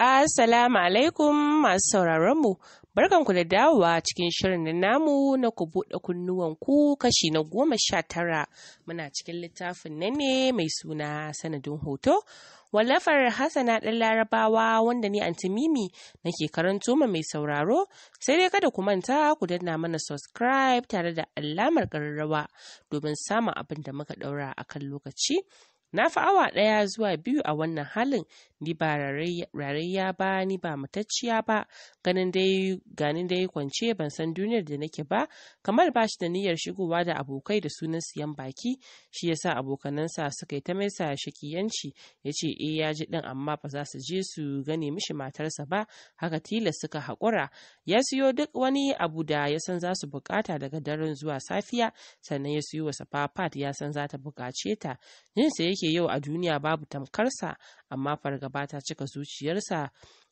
Assalamu alaikum masu sauraron sauraronmu, barkanku da dawowa cikin shirin da namu na ku buɗe kunnuwanku kashi na goma sha tara muna cikin littafin nan ne mai suna sanadin hoto. Wallafar Hassana ɗan Larabawa wanda ni Antimimi nake karanto ma mai sauraro, sai dai kada ku manta ku danna mana subscribe tare da alamar ƙararrawa domin samun abin da muka ɗaura a kan lokaci. Na fi awa ɗaya zuwa biyu a wannan halin, ni ba rarayya ba, ni ba matacciya ba, ganin dai ganin dai kwance ban san duniyar da nake ba, kamar ba shi da niyyar shigowa da abokai da sunan siyan baki, shi ya sa abokanansa suka yi ta mai maisa shakiyanci, ya ce eh ya ji ɗin amma ba za su je su gane mishi matarsa ba, haka tilas suka haƙura. Ya siyo duk wani abu da ya san za su buƙata daga daren zuwa safiya, sannan ya siyo wa safafat ya san za ta buƙace ta. yake yau a duniya babu tamkarsa amma fargaba ta cika zuciyarsa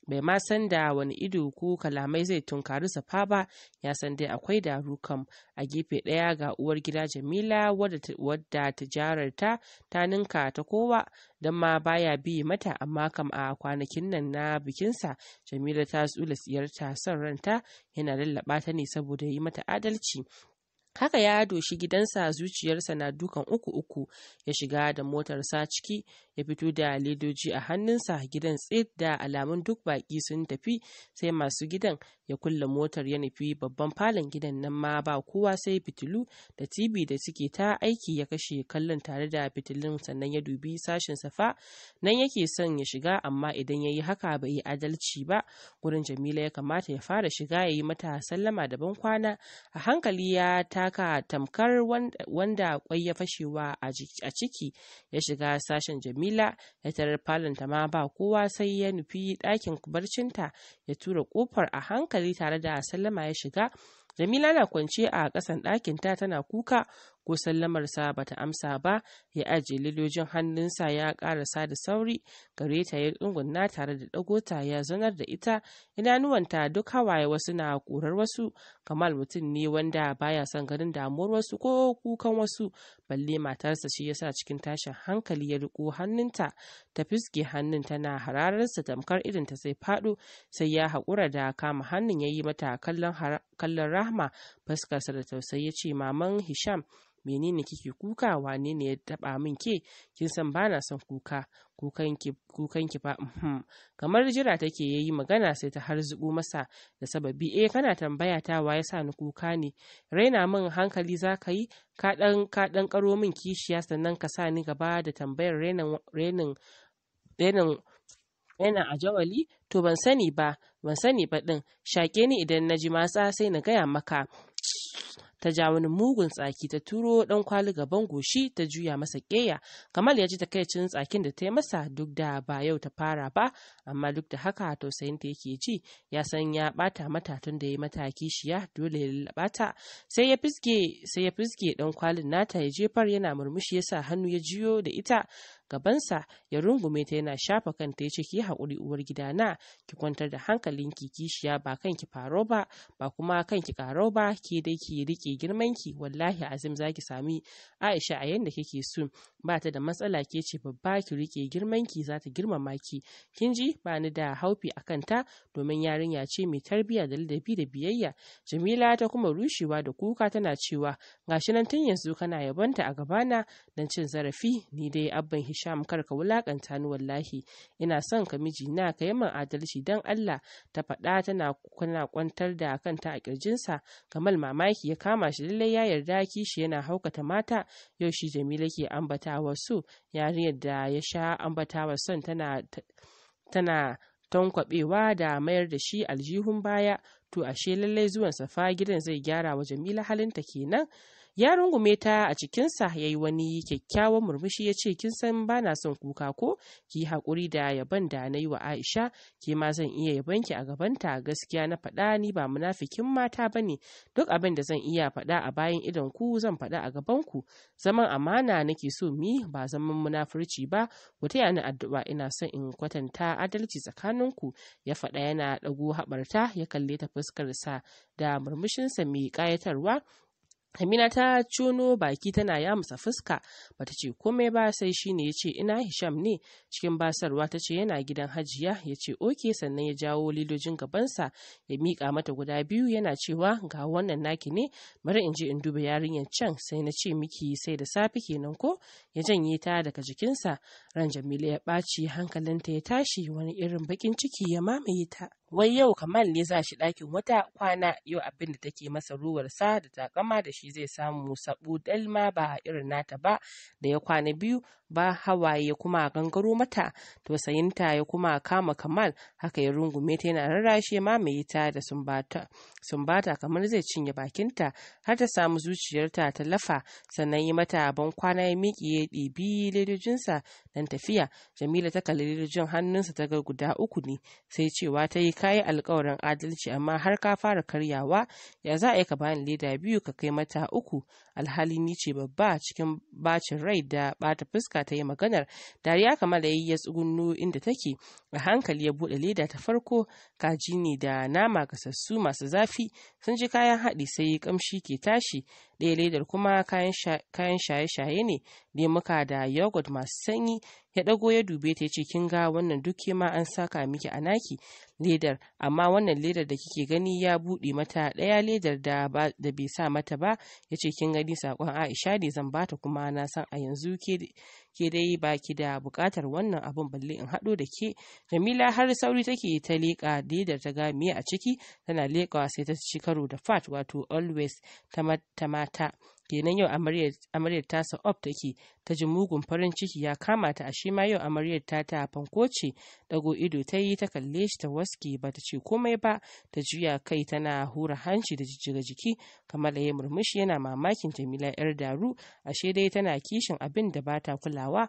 bai ma san da wani ido ko kalamai zai tunkari safa ba ya san dai akwai da rukam a gefe ɗaya ga uwar gida jamila wadda tijararta ta ninka ta kowa don ma baya bi mata amma kam a kwanakin nan na bikinsa jamila ta tsula tsiyarta son ranta yana lallaba ta ne saboda yi mata adalci haka ya doshi gidansa zuciyarsa na dukan uku uku ya shiga da motarsa ciki ya fito da ledoji a hannunsa gidan tsit da alamun duk baki sun tafi sai masu gidan ya kulle motar ya nufi babban falon gidan nan ma ba kowa sai fitilu da tv da suke ta aiki ya kashe kallon tare da fitilun sannan ya dubi sashin safa nan yake son ya shiga amma idan ya yi haka bai yi adalci ba gurin jamila ya kamata ya fara shiga ya yi mata sallama da ban kwana a hankali ya ta haka tamkar wanda kwai ya fashewa a ciki ya shiga sashen jamila ya tarar falonta ma ba kowa sai ya nufi ɗakin barcinta ya tura kofar a hankali tare da sallama ya shiga jamila na kwance a ƙasan ɗakinta tana kuka ko sallamarsa ba ta amsa ba ya ajiye lilojin hannunsa ya karasa da sauri gare ta ya tsungunna tare da ɗagota ya zanar da ita idanuwanta duk hawaye wasu na kurar wasu kamal mutum ne wanda baya son ganin damuwar wasu ko kukan wasu balle matarsa shi yasa cikin tashin hankali ya riko hannunta ta fiske hannun tana harararsa tamkar irin ta sai faɗo sai ya haƙura da kama hannun ya yi mata kallon rahma fuskarsa da tausayi ya ce maman hisham menene kike kuka wane ne ya taba min ke kin san bana son kuka kukan ki fa uhm. kamar jira take yayi magana sai ta har masa da sababi eh kana tambaya ta waye sa ni kuka ne raina min hankali za ka yi ka dan ka dan karo min kishiya sannan ka sa ni gaba da tambayar renin renin renin yana a jawali to ban sani ba ban sani ba din shake ni idan na ji matsa sai na gaya maka ta ja wani mugun tsaki ta turo dan kwali gaban goshi ta juya masa keya kamal ya ji takaicin tsakin da ta yi masa duk da ba yau ta fara ba amma duk da haka tausayin ta yake ji ya san ya bata mata tun da ya mata kishiya dole ya lalaba ta sai ya fiske sai ya fiske dan kwalin nata ya jefar yana murmushi yasa hannu ya jiyo da ita gabansa ya rungume ta yana shafa kanta ya ce ki haƙuri uwar gidana ki kwantar da hankalin ki kishiya ba kan ki faro ba ba kuma kan ki karo ba ke dai ki rike girman ki. wallahi azim zaki sami Aisha a yanda kike so ba ta da matsala ke ce babba ki rike ki za ta girmama ki kin ji ba ni da haufi a kanta domin yarinya ce mai tarbiyya da ladabi da biyayya Jamila ta kuma rushewa da kuka tana cewa gashi nan tun yanzu kana yabonta a gabana dan cin zarafi ni dai abban Hisham kar ka wulakanta ni wallahi ina son ka miji na ka yi min adalci dan Allah ta faɗa tana kuna kwantar da kanta a kirjinsa Kamal mamaki ya kama shi lallai ya yarda kishi yana haukata mata yau shi Jamila ke ambatawa su yarinyar da ya sha ambatawa son tana tana tankwabewa da mayar da shi aljihun baya to ashe lallai zuwan safa gidan zai gyara wa Jamila halinta kenan ya rungume ta a cikinsa ya yi wani kyakkyawan murmushi ya ce kin san ba na son kuka ko ki haƙuri da yaban da na yi wa aisha ki ma zan iya yaban ki a gabanta gaskiya na faɗa ni ba munafikin mata ba ne duk abin da zan iya faɗa a bayan idon ku zan faɗa a gaban ku zaman amana nake so mi ba zaman munafurci ba ku taya ni addu'a ina son in kwatanta adalci tsakanin ku ya faɗa yana ɗago haɓarta ya kalle ta fuskar sa da murmushinsa mai ƙayatarwa Amina ta cuno baki tana yamusa fuska bata ce komai ba sai shine ya ce ina Hisham ne cikin basarwa ta ce yana gidan hajiya ya ce oke sannan ya jawo lilojin gabansa ya miƙa mata guda biyu yana cewa ga wannan naki ne bari in je in duba yarinyar can sai na ce miki sai da safe kenan ko ya janye ta daga jikinsa ran Jamila ya ɓaci hankalinta ya tashi wani irin bakin ciki ya mamaye ta. wai yau kamal ne za shi ɗakin wata kwana yau abin da take masa ruwarsa da takama da shi zai samu sabu dalma ba irin nata ba da ya kwana biyu ba hawaye kuma a gangaro mata tausayinta ya kuma kama kamal haka ya rungume ta yana rarrashe mamaye ta da sumbata sumbata kamar zai cinye bakinta har ta samu zuciyarta ta lafa sannan yi mata ban kwana ya miƙe ya ɗibi ledojinsa dan tafiya jamila ta kalli ledojin hannunsa ta ga guda uku ne sai cewa ta yi kayi alkawarin adalci amma har ka fara karyawa ya za a yi ka bani leda biyu ka kai mata uku alhali ni ce babba cikin bacin rai da bata fuska ta yi maganar dariya kamar da ya tsugunno inda take a hankali ya bude leda ta farko kaji ne da nama gasassu masu zafi sun ji kayan haɗi sai kamshi ke tashi ɗaya ledar kuma kayan shaye-shaye ne lemuka da yogurt masu sanyi ya ɗago ya dube ta ce kin ga wannan duk ma an saka miki a naki ledar amma wannan ledar da kike gani ya buɗe mata ɗaya ledar da bai sa mata ba ya ce kin gani sakon aisha ne zan bata kuma na san a yanzu ke ke dai ba da buƙatar wannan abun balle in hado da ke jamila har sauri take ta leƙa ledar ta ga miya a ciki tana leƙawa sai ta ci karo da fat wato always ta mata kenan yau amaryar tasa op take ta ji mugun farin ciki ya kama ta ashe ma yau amaryar ta ta fanko ce dago ido ta yi ta kalle shi ta waske ba ta ce komai ba ta juya kai tana hura hanci da jijjiga jiki kamar da ya murmushi yana mamakin jamila yar daru ashe dai tana kishin abin da ba ta kulawa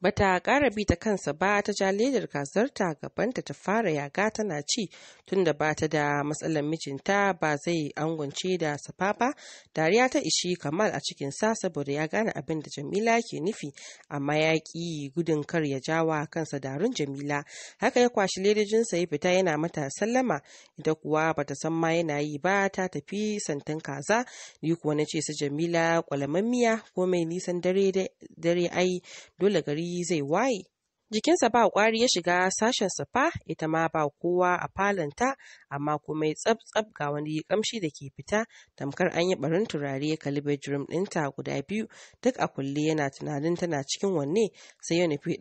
Bata ƙara bi ta kansa ba ta ja ledar ta gabanta ta fara yaga tana ci tunda ba ta da matsalar mijinta ba zai angunce da safa ba. Dariya ta ishi Kamal a cikin sa saboda ya gane abin da Jamila ke nufi amma ya ƙi gudun kar ya jawa kansa darun Jamila. Haka ya kwashi sa ya fita yana mata sallama ita kuwa bata san ma yana yi ba ta tafi santin kaza ni kuwa na ce su Jamila kwalamammiya ko mai nisan dare dare ai dole gari easy way. Jikinsa ba kwari ya shiga sashen safa ita ma ba kowa a falonta, amma komai tsab-tsab ga wani kamshi da ke fita, tamkar an yi barin turare ya kalli bedroom ɗinta guda biyu, duk a kulle yana tunanin tana cikin wanne, sai ya nufi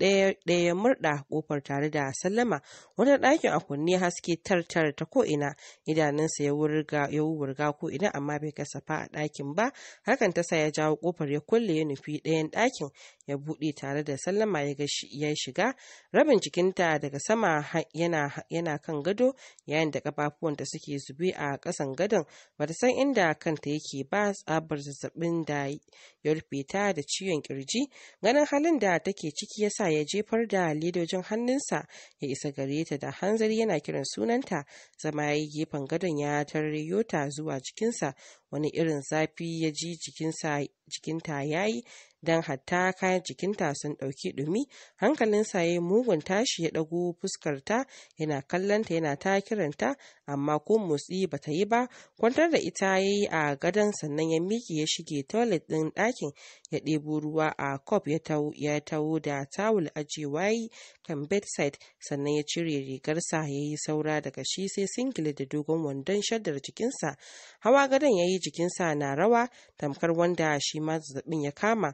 ɗaya murɗa ƙofar tare da sallama, wani ɗakin a kunne haske tartar ta ko ina idanunsa ya wurga ko ina amma bai ga kasafa a ɗakin ba, hakan ta sa ya jawo ƙofar ya kulle ya nufi ɗayan ɗakin ya buɗe tare da sallama ya shiga. riga rabin jikinta daga sama yana, kan gado yayin da kafafuwanta suke zube a kasan gadon bata san inda kanta yake ba tsabar zazzabin da ya rufe ta da ciwon kirji ganin halin da take ciki yasa ya jefar da ledojin hannunsa ya isa gare ta da hanzari yana kiran sunanta zama ya yi gefen gadon ya tarayyo zuwa jikinsa wani irin zafi ya ji jikinta ya yi don hatta kayan jikinta sun ɗauki ɗumi hankalinsa ya mugun tashi ya ɗago fuskarta yana kallonta yana ta kiranta amma ko motsi ba ta yi ba kwantar da ita ya yi a gadon sannan ya miki ya shige toilet ɗin ɗakin ya ɗebo ruwa a kop ya taho da tawul ajiye yi kan bedside sannan ya cire rigarsa ya yi saura daga shi sai singile da dogon wandon shaddar jikinsa hawa gadon ya yi jikinsa na rawa tamkar wanda shi ma zazzabin ya kama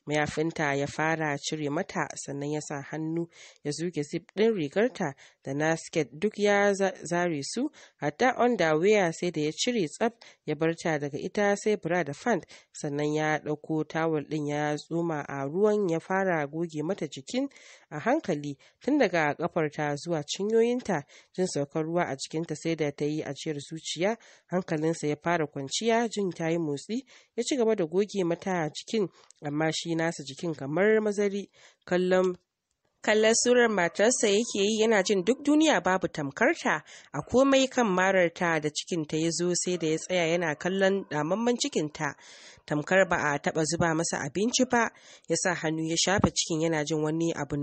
mayafinta ya fara cire mata sannan ya sa hannu ya zuge zip ɗin rigarta da na sket duk ya zare su hatta underwear sai da ya cire tsaf ya barta daga ita sai bra da fant sannan ya ɗauko tawul ɗin ya tsoma a ruwan ya fara goge mata jikin a hankali tun daga kafar ta zuwa cinyoyinta jin saukar ruwa a jikinta sai da ta yi ajiyar zuciya hankalinsa ya fara kwanciya jin ta yi motsi ya ci gaba da goge mata jikin amma shi nasa jikin kamar mazari kallon kallon surar matarsa yake yi yana jin duk duniya babu tamkarta a komai kan mararta da cikinta ya zo sai da ya tsaya yana kallon damamman cikinta tamkar ba a taba zuba masa abinci ba ya sa hannu ya shafa cikin yana jin wani abu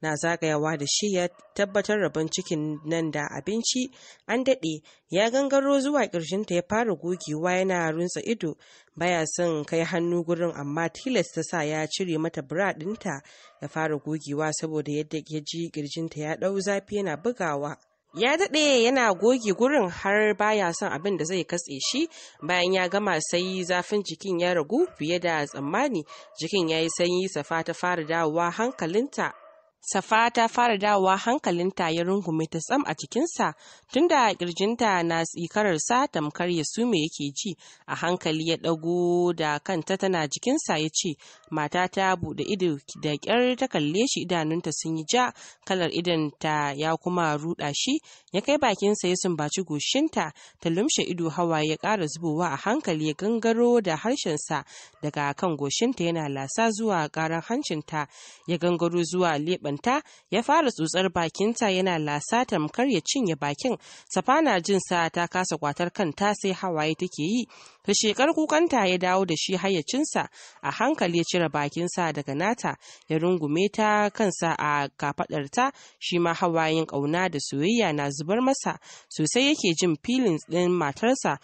na zagayawa da shi ya tabbatar rabon cikin nan da abinci an daɗe ya gangaro zuwa kirjinta ya fara gogewa yana runtsa ido baya son kai hannu gurin amma tilas ta sa ya cire mata bra ɗinta ya fara gogewa saboda yadda ya ji kirjinta ya ɗau zafi yana bugawa ya daɗe yana goge gurin har baya son abin da zai katse shi bayan ya gama sai zafin jikin ya ragu fiye da tsammani jikin ya yi sanyi safa ta fara dawowa hankalinta Safa ta fara dawowa hankalinta ya rungume ta tsam a cikinsa tunda kirjinta na tsikararsa tamkar ya sume yake ji a hankali ya ɗago da kanta tana jikinsa ya ce mata ta buɗe ido da ƙyar ta kalle shi idanunta sun yi ja kalar idanta ya kuma ruɗa shi ya kai bakinsa ya sumbaci goshinta ta lumshe ido hawa ya ƙara zubowa a hankali ya gangaro da harshensa daga kan goshinta yana lasa zuwa ƙaran hancinta ya gangaro zuwa leɓa leɓanta ya fara tsutsar bakinta yana lasa tamkar ya cinye bakin safana jin sa ta kasa kwatar kanta sai hawaye take yi ta shekar kukanta ya dawo da shi hayyacinsa a hankali ya cire bakinsa daga nata ya rungume ta kansa a kafadarta shi ma hawayen ƙauna da soyayya na zubar masa sosai yake jin filin ɗin matarsa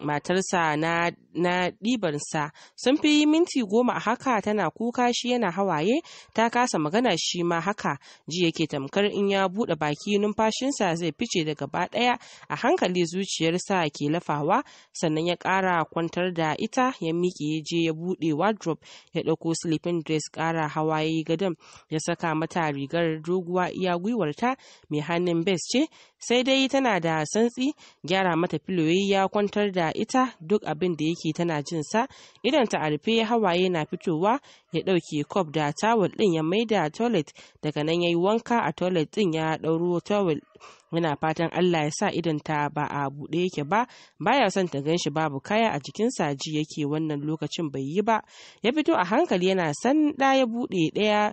matarsa na, na ɗibarsa sun fi minti goma a haka tana kuka shi yana hawaye ta kasa magana shi ma haka ji yake tamkar in ya buɗe baki numfashinsa zai fice da gaba ɗaya a hankali zuciyarsa ke lafawa sannan ya ƙara kwantar da ita ya miƙe ya je ya buɗe wardrobe ya ɗauko sleeping dress ƙara hawaye gadon ya saka mata rigar doguwa iya gwiwarta mai hannun bes ce sai dai tana da santsi gyara mata filoyi ya kwantar da ita duk abin da yake tana jin sa idan ta arfe hawaye na fitowa ya dauke kwab da tawul din ya mai da toilet daga nan ya yi wanka a toilet din ya ɗauro tawul yana fatan Allah ya sa idan ta ba a buɗe yake ba baya son ta gan shi babu kaya a jikin saji yake wannan lokacin bai yi ba ya fito a hankali yana san ya buɗe ɗaya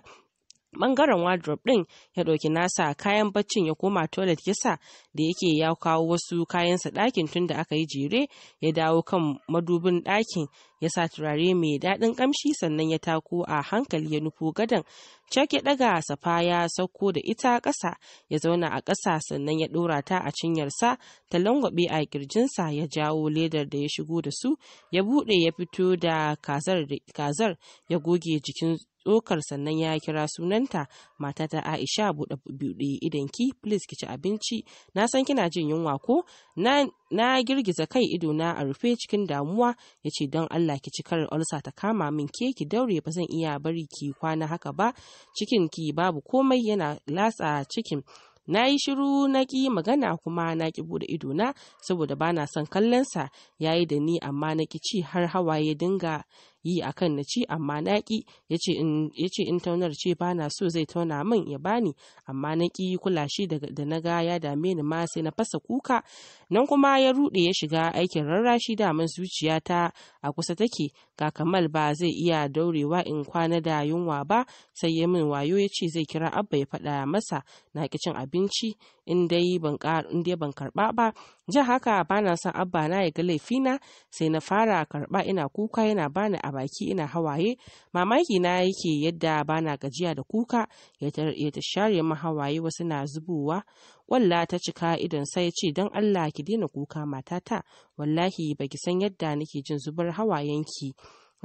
bangaren wardrobe din ya ɗauki nasa kayan baccin ya koma toilet yasa da yake ya kawo wasu kayansa ɗakin da aka yi jere ya dawo kan madubin ɗakin ya sa turare mai daɗin ƙamshi sannan ya tako a hankali ya nufo gadon Cak ya ɗaga safa ya sauko da ita ƙasa ya zauna a ƙasa sannan ya ɗora ta a cinyarsa ta langwaɓe a ƙirjinsa, ya jawo ledar da ya shigo da su ya buɗe ya fito da kazar ya goge jikin tsokar sannan ya kira sunanta Mata ta Aisha buɗe idan idanki please ki ci abinci na san kina jin yunwa ko na na girgiza kai ido na a rufe cikin damuwa ya ce don Allah ki cikar olsa ta kama min ke ki daure ba zan iya bari ki kwana haka ba cikin ki babu komai yana latsa cikin na yi shiru na ki magana kuma na ki bude na saboda bana son kallonsa ya yi da ni amma na ki ci har hawaye dinga yi a kan na ci amma na ƙi ya ce in taunar ce ba na so zai tauna min ya bani amma na ƙi kula shi da na ga ya dame ni ma sai na fasa kuka nan kuma ya ruɗe ya shiga aikin rarrashi daman zuciya ta a kusa take ga kamal ba zai iya daurewa in kwana da yunwa ba sai ya min wayo ya ce zai kira abba ya faɗa masa na ƙi cin abinci in dai ban karba ba jin haka bana son abba na ya ga laifina sai na fara karba ina kuka yana bani a baki ina hawaye mamaki na yake yadda bana gajiya da kuka ya ta share min hawaye wasu na zubowa walla ta cika idan sai ce don Allah ki daina kuka matata wallahi baki san yadda nake jin zubar hawayenki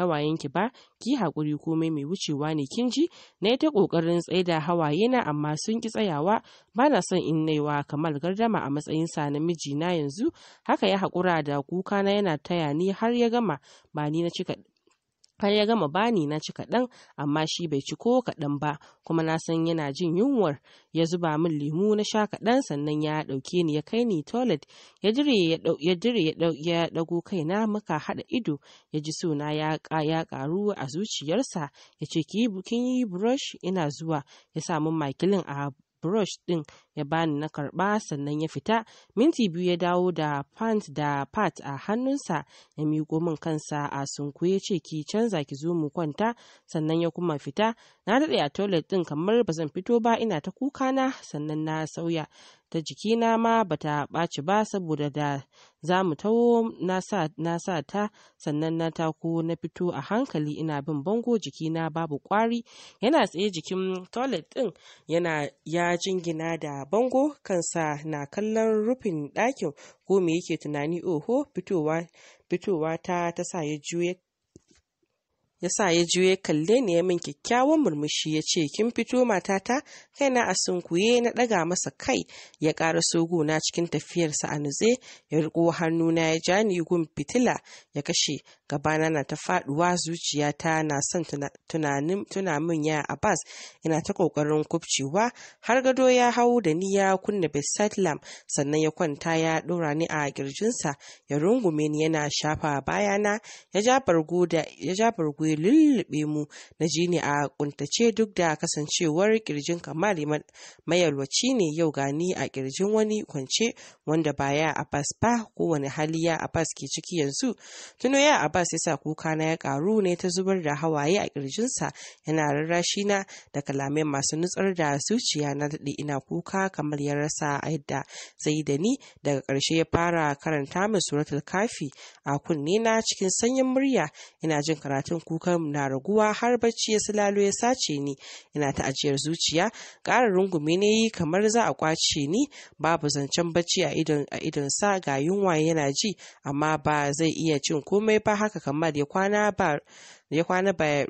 hawayenki ba ki haƙuri komai mai wucewa ne kin ji na ta ƙoƙarin tsaida hawaye na amma sun ki tsayawa ba na son in naiwa kamal gardama a matsayinsa na na yanzu haka ya haƙura da kuka na yana taya ni har ya gama ba ni na cika Har ya gama bani na ci kaɗan amma shi bai ci ko kaɗan ba kuma na san yana jin yunwar ya zuba min lemu na sha kaɗan sannan ya ɗauke ni ya kai ni toilet ya dire ya ɗago kaina muka haɗa ido ya ji suna ya ƙaru a zuciyarsa ya ce ki yi yi brush ina zuwa ya samu makilin a brush ɗin ya bani na karɓa sannan ya fita minti biyu ya dawo da pant da pat a hannunsa ya miƙo min kansa a sunku ya ce ki canza ki zo mu kwanta sannan ya kuma fita na daɗe a toilet ɗin kamar ba zan fito ba ina ta kuka na sannan na sauya ta jikina ma bata ɓaci ba saboda da za mu taho na sa ta sannan na tako na fito a hankali ina bin bango jikina babu kwari yana tsaye jikin toilet ɗin yana ya jingina da bango kansa na kallon rufin ɗakin ko me yake tunani oho fitowa fitowa ta ta sa ya juya ya sa ya juye kalle ni ya min kyakkyawan murmushi ya ce kin fito matata kaina a sunkuye na ɗaga masa kai ya ƙara soguna cikin tafiyarsa a nutse ya riƙo hannuna ya ja ni gun fitila ya kashe gabana na ta faɗuwa zuciyata na son tunanin tuna min ya abbas ina ta ƙoƙarin kubcewa har gado ya hau da ni ya kunna bisatlam sannan ya kwanta ya ɗora ni a ƙirjinsa. ya rungume ni yana shafa bayana ya ja bargo ya lullube mu na ji ne a kuntace duk da kasancewar kirjin kamal mayalwaci ne yau gani a kirjin wani kwance wanda ba baya abbas ba kowane hali ya abbas ke ciki yanzu tuno ya abbas ya sa kuka na ya karu ne ta zubar da hawaye a kirjinsa yana rarrashi na da kalamai masu nutsar da zuciya na daɗe ina kuka kamar ya rasa yadda sai da ni daga ƙarshe ya fara karanta min suratul kafi a kunne na cikin sanyin murya ina jin karatun kuka kuka na raguwa har bacci ya silalo ya sace ni ina ta ajiyar zuciya ƙara rungume ne kamar za a kwace ni babu zancen bacci a idon a idon sa ga yunwa yana ji amma ba zai iya cin komai ba haka kamar ya kwana ba ya kwana ba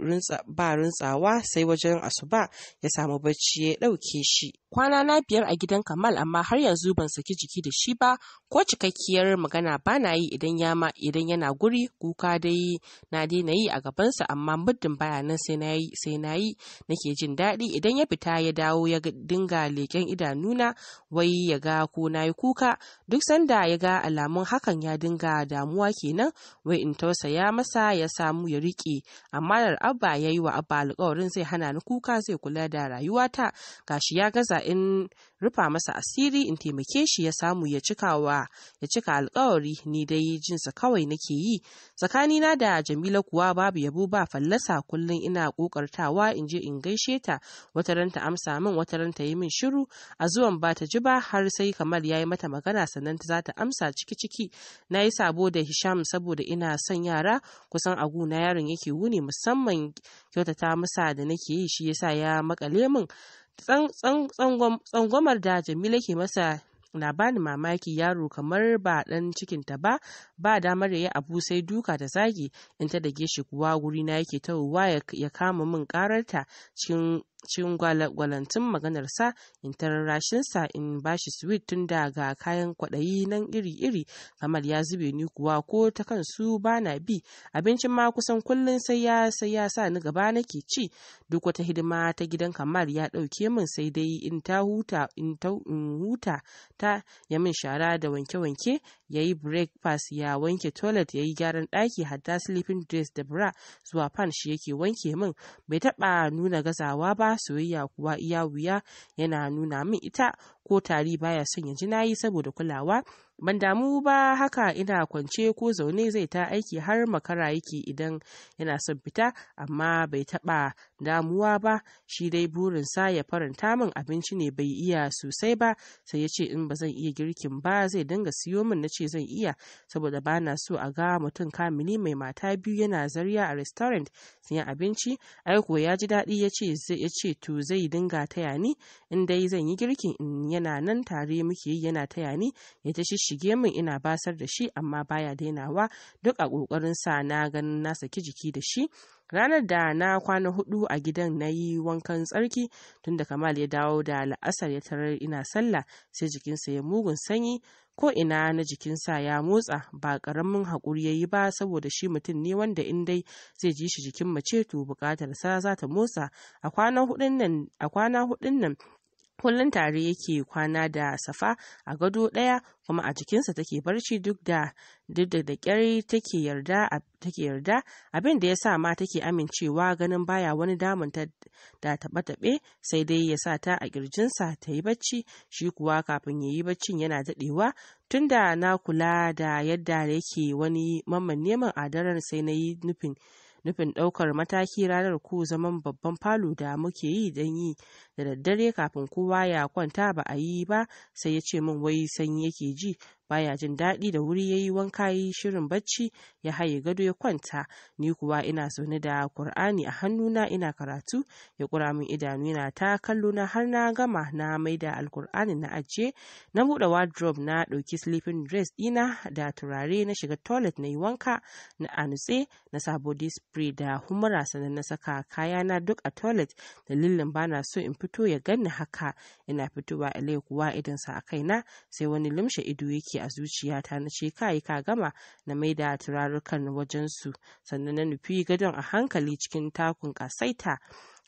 runtsawa sai wajen asuba ya samu bacci ya ɗauke shi. Kwana na biyar a gidan Kamal amma har yanzu ban saki jiki da shi ba ko cikakkiyar magana ba na yi idan idan yana guri kuka dai na daina yi a gabansa amma muddin baya nan sai na yi sai na yi nake jin daɗi idan ya fita ya dawo ya dinga leƙen idanuna wai ya ga ko na yi kuka duk sanda ya ga alamun hakan ya dinga damuwa kenan wai in tausaya masa ya samu ya riƙe amma da abba ya yi wa abba alkawarin zai hana ni kuka zai kula da rayuwata gashi ya gaza in rufa masa asiri in taimake shi ya samu ya cikawa ya cika alkawari ni dai jinsa kawai nake yi tsakanina da jamila kuwa babu yabo ba fallasa kullum ina kokartawa in je in gaishe ta wata ranta amsa min wata ranta yi min shiru a zuwan ba ta ji ba har sai kamar ya yi mata magana sannan ta za ta amsa ciki ciki na yi sabo da hisham saboda ina son yara kusan agu na yaron yake wuni musamman kyautata masa da nake yi shi yasa ya makale min tsangwamar da jamila ke masa na bani mamaki yaro kamar ba ɗan cikinta ba ba damar ya abu sai duka da zagi in ta dage shi kuwa wurina yake tawowa ya kama min kararta cikin cikin gwalantun maganarsa in rashinsa, in bashi sweet tun da ga kayan kwaɗayi nan iri-iri kamar ya zube ni kuwa ko ta kansu ba na bi abincin ma kusan kullum sai ya sai ya sa ni gaba nake ci duk wata hidima ta gidan kamar ya ɗauke min sai dai in ta huta in ta huta ta ya min shara da wanke-wanke ya yi breakfast ya wanke toilet ya yi gyaran ɗaki hatta sleeping dress da bra zuwa pan shi yake wanke min bai taɓa nuna gazawa ba soyayya kuwa iya wuya yana nuna min ita ko tari baya son ya ji nayi saboda kulawa ban damu ba haka ina kwance ko zaune zai ta aiki har makara yake idan yana son fita amma bai taba damuwa ba shi dai burin sa ya faranta min abinci ne bai iya sosai ba sai ya ce in ba zan iya girkin ba zai dinga siyo min na ce zan iya saboda ba na so a ga mutum kamini mai mata biyu yana zarya a restaurant siyan abinci aiko ya ji daɗi ya ce ya ce to zai dinga taya ni in dai zan yi girkin in yana nan tare muke yi yana taya ni ya ta shishige min ina basar da shi amma baya dainawa duk a ƙoƙarin sa na ganin na saki jiki da shi ranar da na kwana hudu a gidan na yi wankan tsarki tunda kamal ya dawo da la'asar ya tarar ina sallah sai jikinsa ya mugun sanyi ko ina na jikinsa ya motsa ba karamin haƙuri ya yi ba saboda shi mutum ne wanda in dai zai ji shi jikin mace to buƙatar sa za ta motsa a kwana hudun nan kullum tare yake kwana da safa a gado ɗaya kuma a jikinsa take barci duk da duk da da take yarda take abin da ya sa ma take amincewa ganin baya wani damun ta da taɓe taɓe sai dai ya sa ta a kirjinsa ta yi bacci shi kuwa kafin ya yi baccin yana daɗewa tunda na kula da yadda yake wani mamman neman a sai na yi nufin nufin ɗaukar mataki ranar ku zaman babban falo da muke yi don yi da daddare kafin kowa ya kwanta ba a yi ba sai ya ce min wai sanyi yake ji baya jin daɗi da wuri ya yi wanka ya yi shirin bacci ya haye gado ya kwanta ni kuwa ina zaune da kur'ani a hannuna ina karatu ya kura min idanu yana ta kallo na har na gama na mai da alkur'ani na ajiye na buɗe wardrobe na ɗauki sleeping dress ɗina da turare na shiga toilet na yi wanka na anutse na sa body spray da humura sannan na saka kayana duk a toilet dalilin bana so in fito ya ganni haka ina fitowa ilai kuwa idan sa a kaina sai wani limshe ido yake a zuciyata na ce kai ka gama na maida turarukan wajensu sannan na nufi gadon a hankali cikin takun kasaita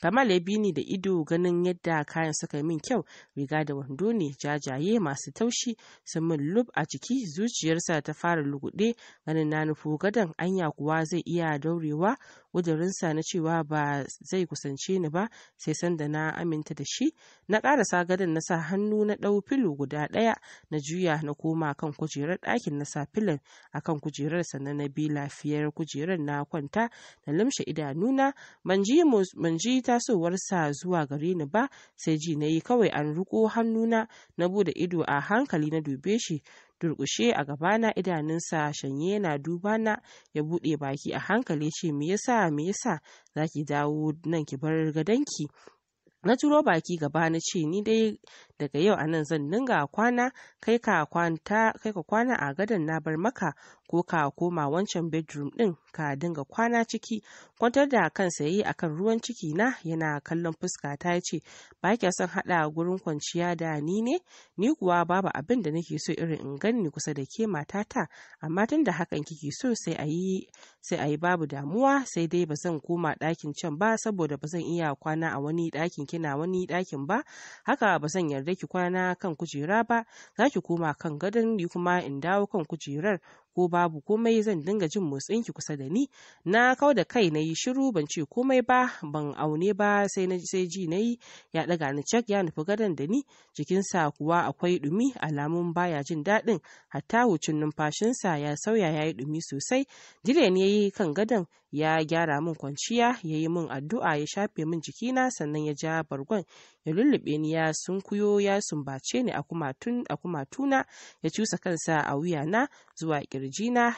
Kamal ya bini da ido ganin yadda kayan suka yi min kyau riga da wando ne jajaye masu taushi sun min lub a jiki zuciyarsa ta fara lugude ganin na nufo gadon anya kuwa zai iya daurewa wajarinsa na cewa ba zai kusance ni ba sai sanda na aminta da shi na karasa gadon na sa hannu na ɗau filo guda ɗaya na juya na koma kan kujerar ɗakin na sa filin akan kujerar sannan na bi lafiyar kujerar na kwanta na limshe idanuna ban ji ta tasowarsa zuwa gare ni ba sai ji na yi kawai an riko hannuna na bude ido a hankali na dube shi durkushe a gabana idanunsa shanye na dubana ya bude baki a hankali ce me yasa me yasa zaki dawo nan ki bar gadanki na turo baki gaba na ce ni dai daga yau a nan zan dinga kwana kai ka kwana a gadon na bar maka ko ka koma wancan bedroom din ka dinga kwana ciki kwantar da kan sayayi akan ruwan ciki na yana kallon fuska ta ce ba kya son hada gurin kwanciya da ni ne ni kuwa babu abin da nake so irin in gani kusa da ke matata amma tun da hakan kike so sai a yi sai a yi babu damuwa sai dai ba zan koma ɗakin can ba saboda ba zan iya kwana a wani ɗakin kina wani ɗakin ba haka ba zan yarda ki kwana kan kujera ba za ki koma kan gadon ni kuma in dawo kan kujerar ko babu komai zan dinga jin motsin ki kusa da ni na kau da kai na yi shiru ban ce komai ba ban aune ba sai na sai ji na yi ya daga ni cak ya nufi gadon da ni jikinsa kuwa akwai dumi alamun baya jin daɗin hatta wucin numfashinsa ya sauya ya yi dumi sosai diren ya yi kan gadon ya gyara min kwanciya ya yi min addu'a ya shafe min jikina sannan ya ja bargon ya lullube ni ya sunkuyo ya sumbace ni a kumatuna ya cusa kansa a wuyana zuwa kirji kirjina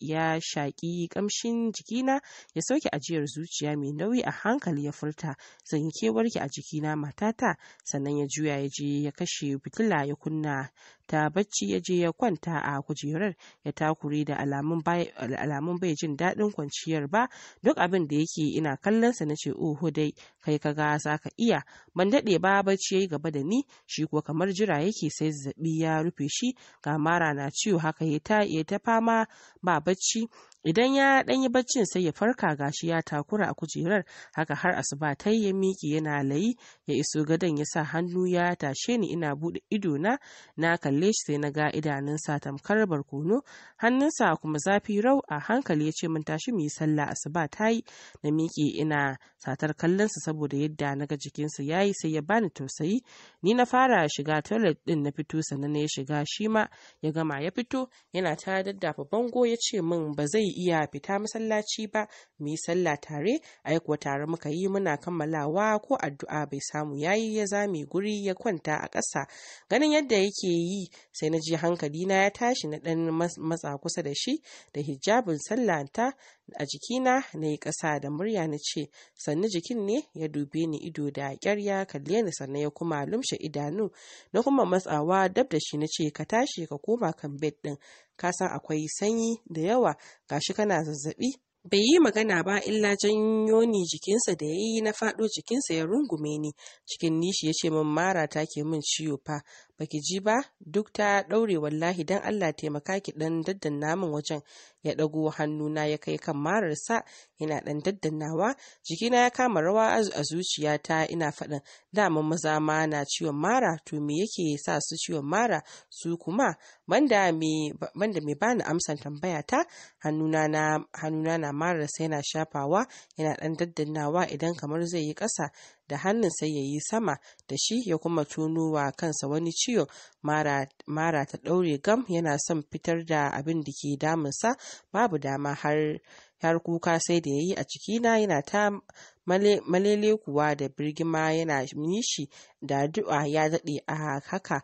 ya shaƙi ƙamshin jikina ya sauke ajiyar zuciya mai nauyi a hankali ya furta zan yi kewarki a jikina matata sannan ya juya ya je ya kashe fitila ya kunna ta bacci ya je ya kwanta a kujerar ya takure da alamun bai jin daɗin kwanciyar ba duk abin da yake ina kallon sa nace oho dai kai ka ga ka iya ban daɗe ba bacci yayi gaba da ni shi ko kamar jira yake sai zazzabi ya rufe shi ga mara na ciwo haka ya ta fama ba bacci idan ya dan yi baccin sai ya farka gashi ya takura a kujerar haka har asuba ta ya miki yana layi ya iso gadon ya sa hannu ya tashe ni ina bude ido na na kalle shi sai na ga idanunsa tamkar barkono hannunsa kuma zafi rau a hankali ya ce mun tashi mu yi sallah asuba ta yi na miki ina satar kallonsa saboda yadda na ga jikinsa ya yi sai ya bani tausayi ni na fara shiga toilet din na fito sannan ya shiga shi ma ya gama ya fito yana ta daddafa bango ya ce min ba zai iya fita masallaci ba mu yi sallah tare ai kuwa tare muka yi muna kammalawa ko addu'a bai samu yayi ya zame guri ya kwanta a ƙasa ganin yadda yake yi sai na ji hankali na ya tashi na ɗan matsa kusa da shi da hijabin ta a jikina na yi ƙasa da murya na ce sannu jikin ne ya dube ni ido da ƙyar ya kalle ni sannan ya kuma lumshe idanu na kuma matsawa dab da shi na ce ka tashi ka koma kan bed ɗin ka san akwai sanyi da yawa gashi kana zazzaɓi bai yi magana ba illa janyo ni jikinsa da ya yi na faɗo jikinsa ya rungume ni cikin nishi ya ce min mara take ke min ciwo fa baki ji ba duk ta ɗaure wallahi dan Allah taimaka ki ɗan daddan min wajen ya ɗago hannuna ya kai kan mararsa yana ɗan daddannawa jikina ya kama rawa a zuciyata ina faɗin daman maza ma na ciwon mara to me yake sa su ciwon mara su kuma banda me bani amsan tambaya ta hannuna na mararsa yana shafawa yana dan daddannawa idan kamar zai yi ƙasa da hannun sai ya yi sama da shi ya kuma tuno wa kansa wani ciwo mara, ta ɗaure gam yana son fitar da abin da ke damunsa babu dama har har kuka sai da ya yi a cikina yana ta malele kuwa da birgima yana nishi da addu'a ya daɗe a haka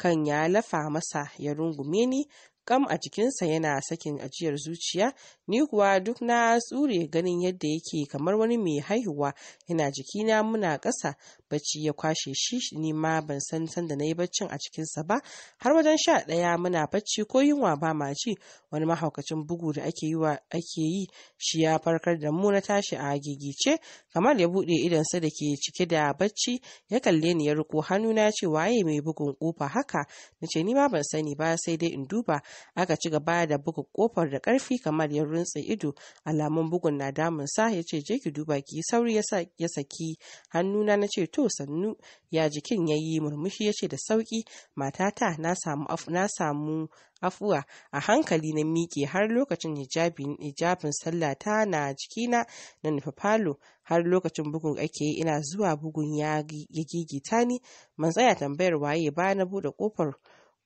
kan ya lafa masa ya rungume ni kam a jikinsa yana sakin ajiyar zuciya ni kuwa duk na tsure ganin yadda yake kamar wani mai haihuwa yana jikina muna ƙasa bacci ya kwashe shi ni ma ban san sanda na yi baccin a cikinsa ba har wajen sha ɗaya muna bacci ko yunwa ba ma ci wani mahaukacin bugu da ake yi ake yi shi ya farkar da mu na tashi a gigice kamar ya buɗe sa da ke cike da bacci ya kalle ni ya riko hannu na ce waye mai bugun kofa haka na ce ni ma ban sani ba sai dai in duba aka ci gaba da buga kofar da ƙarfi kamar ya runtse ido alamun bugun na damunsa ya ce je ki duba ki sauri ya saki hannuna na ce to to sannu ya jikin ya yi murmushi ya ce da sauki matata na samu afuwa a hankali na miƙe har lokacin hijabin sallata na jikina na nufa falo har lokacin bugun ake yi ina zuwa bugun ya gigita ni man tsaya tambayar waye ba na buɗe kofar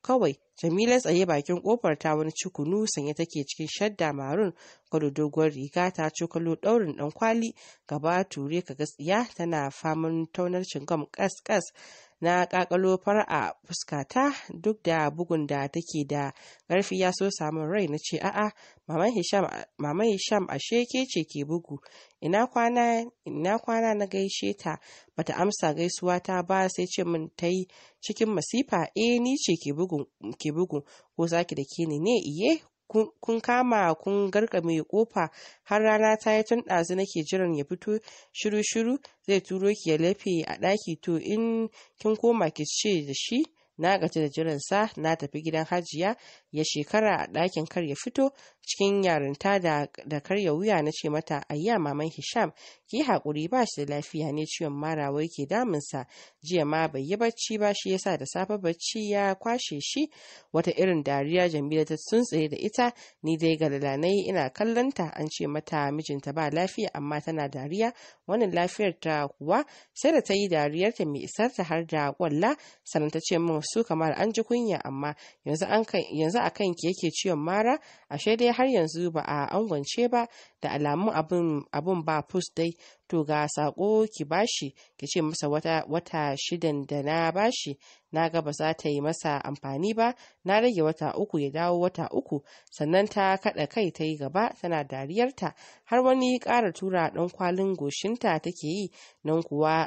kawai jamila tsaye bakin kofar ta wani cikunu sanye take cikin shadda marun kwado doguwar riga ta cokalo daurin dan kwali gaba ture ka gaskiya tana faman taunar gam kas kas na kakalo a fuskata duk da bugun da take da ƙarfi ya so samun rai na ce a'a maman hisham ashe ke ce ke bugu ina kwana na gaishe ta bata amsa gaisuwa ta ba sai ce min ta yi cikin masifa eh ni ce ke bugu. ke bugun ko zaki da ke ni ne iye kun kama kun garkame kofa har rana ta yi tun ɗazu nake jiran ya fito shiru shiru zai turo ki ya lafe a ɗaki to in kin koma ki ce da shi na gaji da jiransa na tafi gidan hajiya ya shekara a ɗakin kar ya fito cikin yarinta da karya wuya na ce mata ayya maman hisham ki haƙuri ba shi da lafiya ne ciwon mara. Wai ke damunsa jiya ma bai yi bacci ba shi yasa da safe bacci ya kwashe shi wata irin dariya jamila ta tsuntsaye da ita ni dai ga dalanai ina kallonta an ce mata mijinta ba lafiya amma tana dariya wannan lafiyar ta kuwa sai da ta yi dariyarta mai isar ta har da kwalla sannan ta ce min su kamar an ji kunya amma yanzu a kan ke yake ciwon mara ashe dai har yanzu ba a angwance ba da alamun abun ba fus dai to ga sako ki bashi ki ce masa wata, wata shidan da na bashi na ga ba za ta yi masa amfani ba na rage wata uku ya dawo wata uku sannan ta kaɗa kai ta yi gaba tana dariyarta har wani ƙara tura ɗan kwalin goshinta take yi nan kuwa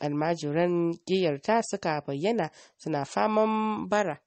almajiran giyarta suka bayyana suna faman bara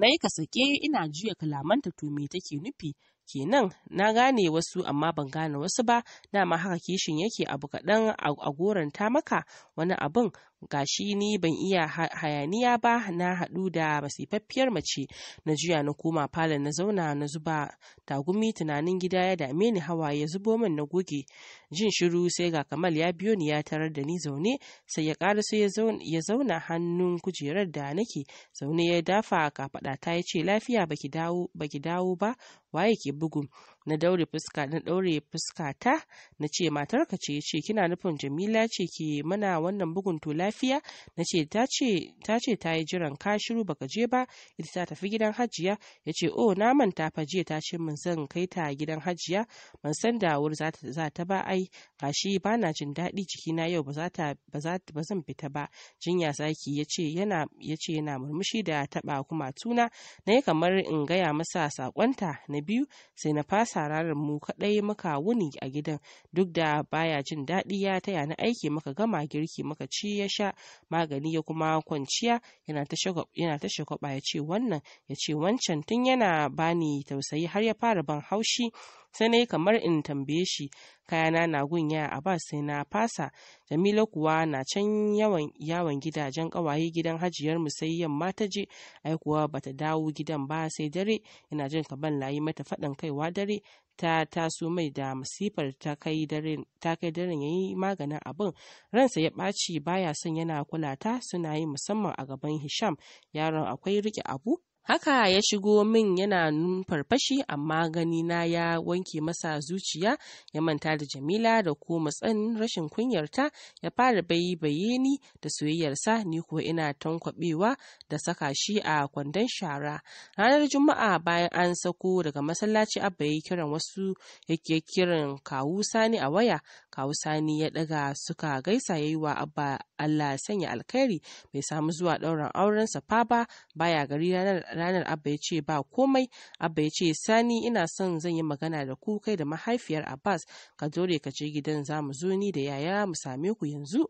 Na yi kasake ina juya kalamanta to me take nufi kenan na gane wasu amma ban gane wasu ba dama haka kishin yake abu kaɗan a goranta maka wani abin gashi ni ban iya hayaniya ba na haɗu da masifaffiyar mace na juya na koma falon na zauna na zuba tagumi tunanin gida ya dame ni hawa ya zubo min na goge jin shiru sai ga kamal ya biyo ni ya tarar da ni zaune sai ya su ya zauna hannun kujerar da nake zaune ya dafa kafaɗa ta ya ce lafiya dawo baki dawo ba waye ke bugun na daure fuska na daure fuska ta na ce matarka ce ce kina nufin jamila ce ke mana wannan bugun to lafiya na ce ta ce ta yi jiran ka shiru baka je ba ita ta tafi gidan hajiya ya ce oh na manta fa jiya ta ce min zan kai ta gidan hajiya ban san da wuri za ta ba ai gashi ba na jin daɗi na yau ba ba zan fita ba jinya zaki ya ce yana ya ce yana murmushi da taɓa kuma tuna na yi kamar in gaya masa sakonta na biyu sai na fasa tararar mu kaɗai muka wuni a gidan duk da baya jin daɗi ya taya ni aiki muka gama girki muka ci ya sha magani ya kuma kwanciya yana ta shagwaba ya ce wannan ya ce wancan tun yana bani tausayi har ya fara ban haushi sai na yi kamar in tambaye shi kayana na gun a ba sai na fasa jamila kuwa na can yawan yawon gidajen kawaye gidan hajiyar mu sai yamma ta je ai kuwa bata dawo gidan ba sai dare ina jin ka ban layi mata faɗin kaiwa dare ta taso mai da masifar ta kai daren ya yi maganin abin ransa ya ɓaci baya son yana kula ta suna yi musamman a gaban hisham yaron akwai rike abu haka ya shigo min yana numfarfashi amma gani na ya wanke masa zuciya ya manta da jamila da ko matsan rashin kunyarta ya fara bayi bayani da soyayyarsa ni kuwa ina tankwabewa da saka shi a kwandon shara ranar juma'a bayan an sako daga masallaci abba ya kiran wasu yake kiran kawu sani a waya kawu sani ya daga suka gaisa yayi wa abba allah sanya alkhairi bai samu zuwa ɗaurin aurensa fa ba baya gari ranar ranar Abba ya ce ba komai, Abba ya ce Sani ina son zan yi magana da ku kai da mahaifiyar Abbas ka dore ka je gidan za mu zo ni da yaya mu same ku yanzu.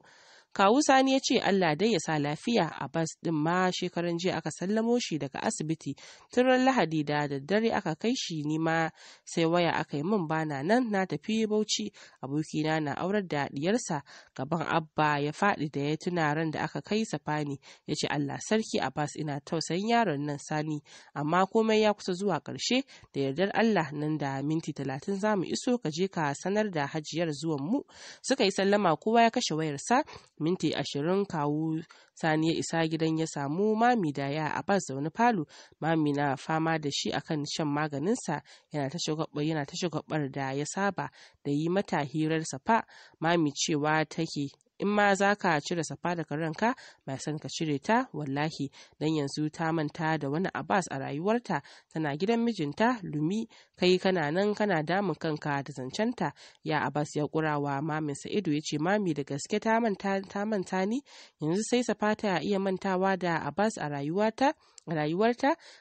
kawu sani ya ce allah dai ya sa lafiya a bas din ma shekaran jiya aka sallamo shi daga asibiti tun ran lahadi da daddare aka kai shi ni ma sai waya aka yi min bana nan na tafi bauchi abokina na aurar da diyarsa gaban abba ya faɗi da ya tuna ran da aka kai safani ya ce allah sarki a abbas ina tausayin yaron nan sani amma komai ya kusa zuwa ƙarshe da yardar allah nan da minti talatin zamu iso ka je ka sanar da hajiyar zuwan mu suka yi sallama kowa ya kashe wayarsa minti ashirin kawu sani ya isa gidan ya samu mami da ya abbas zaune falo mami na fama da shi akan shan maganinsa yana ta shagwabar yana ta da ya saba da yi mata hirar safa mami cewa take in ma za ka cire safa daga ranka mai san ka cire ta wallahi dan yanzu ta manta da wani abbas a rayuwarta tana gidan mijinta lumi kai kana nan kana damun kanka da zancenta ya abas ya kurawa mamin sa'idu ya ce mami da gaske ta manta ta manta ni yanzu sai safa ta iya mantawa da abbas a rayuwarta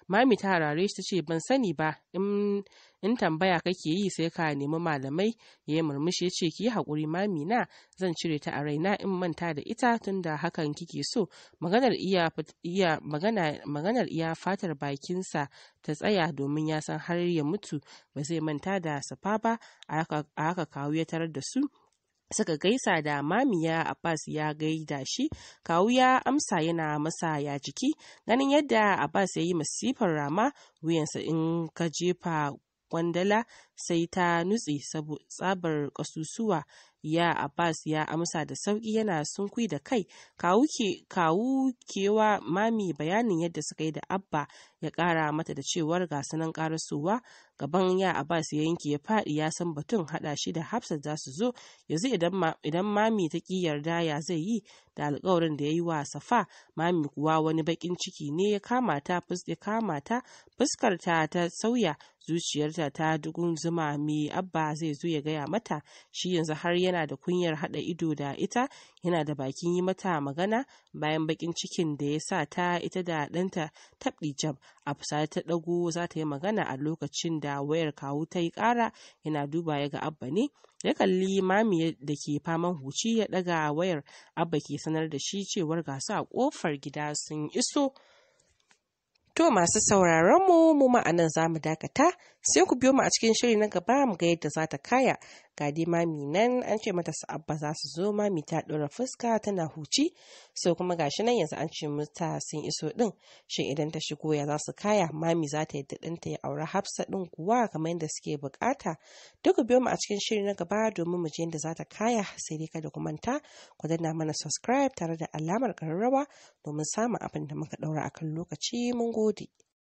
mami ta harare shi ta ce ban sani ba in in tambaya kake yi sai ka nemi malamai ya yi murmushi ya ce ki yi haƙuri mami na zan cire ta a raina in manta da ita tunda hakan kike so maganar iya fatar bakinsa ta tsaya domin ya san har ya mutu ba zai manta da safa ba a haka kawo ya tarar da su suka gaisa da mamiya abbas ya gaida shi kawu ya amsa yana masa ya jiki ganin yadda abbas ya yi masifar rama wuyansa in ka jefa Kwandala sai ta nutse saboda tsabar ƙasusuwa Ya Abbas ya amsa da sauki yana sunkui da kai, kawu kewa mami bayanin yadda suka yi da Abba ya kara mata da cewar ga karasowa gaban ya Abbas ya yanke ya fadi ya san batun hada shi da hafsa za su zo yanzu idan mami ta ki yarda ya zai yi da alkawarin da ya yi wa Safa mami kuwa wani bakin ciki ne ya kama ta ta fuskar ta ta sauya zuciyarta ta dugun zuma mai Abba zai zo ya gaya mata shi yanzu har ya yana da kunyar haɗa ido da ita yana da bakin yi mata magana bayan bakin cikin da ya sa ta ita da ɗanta taɓi jam a fusata ta ɗago za ta yi magana a lokacin da wayar kawu ta yi ƙara yana duba ya ga abba ne ya kalli mami da ke faman huci ya ɗaga wayar abba ke sanar da shi cewar gasu a ƙofar gida sun iso To masu sauraron mu mu ma'anan za mu dakata sai ku biyo mu a cikin shiri na gaba mu ga yadda za ta kaya ga dai mami nan an ce mata sa'abba za su zo mami ta ɗora fuska tana huci sai kuma gashi nan yanzu an ce mata sun iso din shin idan ta shigo ya za su kaya mami za ta yadda ɗanta ya aura hafsa ɗin kuwa kamar yadda suke bukata duk ku biyo mu a cikin shiri na gaba domin mu je yadda za ta kaya sai dai kada ku manta ku danna mana subscribe tare da alamar ƙararrawa domin samun abin da muka ɗaura akan lokaci mun gode.